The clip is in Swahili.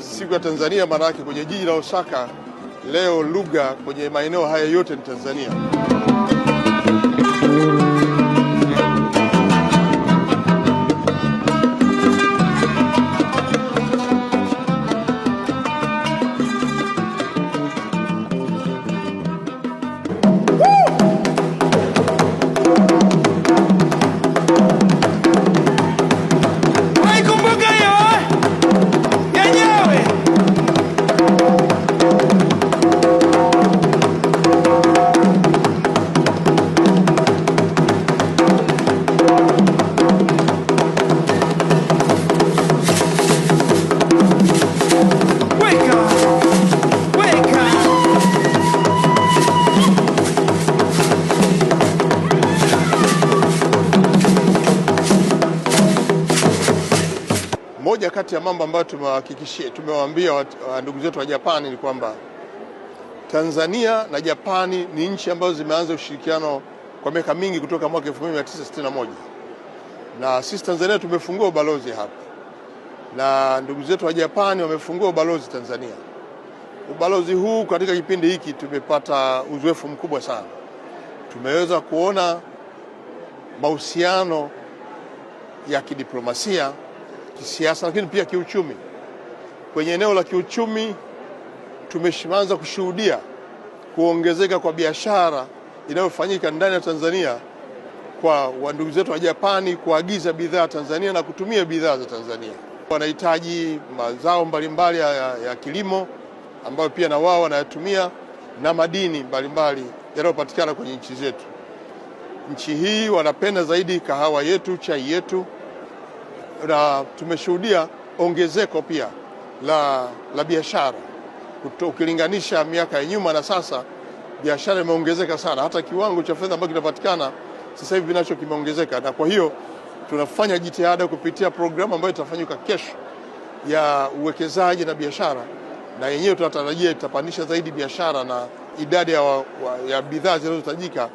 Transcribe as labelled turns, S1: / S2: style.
S1: siku ya Tanzania, maana kwenye jiji la Osaka leo lugha kwenye maeneo haya yote ni Tanzania. Moja kati ya mambo ambayo tumewahakikishia, tumewaambia ndugu zetu wa Japani ni kwamba Tanzania na Japani ni nchi ambazo zimeanza ushirikiano kwa miaka mingi kutoka mwaka 1961 na sisi Tanzania tumefungua ubalozi hapa na ndugu zetu wa Japani wamefungua ubalozi Tanzania. Ubalozi huu katika kipindi hiki tumepata uzoefu mkubwa sana, tumeweza kuona mahusiano ya kidiplomasia kisiasa, lakini pia kiuchumi. Kwenye eneo la kiuchumi tumeanza kushuhudia kuongezeka kwa biashara inayofanyika ndani ya Tanzania kwa wandugu zetu wa Japani kuagiza bidhaa Tanzania na kutumia bidhaa za Tanzania. Wanahitaji mazao mbalimbali ya, ya kilimo ambayo pia na wao wanayatumia na madini mbalimbali yanayopatikana kwenye nchi zetu. Nchi hii wanapenda zaidi kahawa yetu, chai yetu na tumeshuhudia ongezeko pia la, la biashara ukilinganisha miaka ya nyuma na sasa, biashara imeongezeka sana. Hata kiwango cha fedha ambacho kinapatikana sasa hivi nacho kimeongezeka, na kwa hiyo tunafanya jitihada kupitia programu ambayo itafanyika kesho ya uwekezaji na biashara, na yenyewe tunatarajia itapandisha zaidi biashara na idadi ya, ya bidhaa zinazohitajika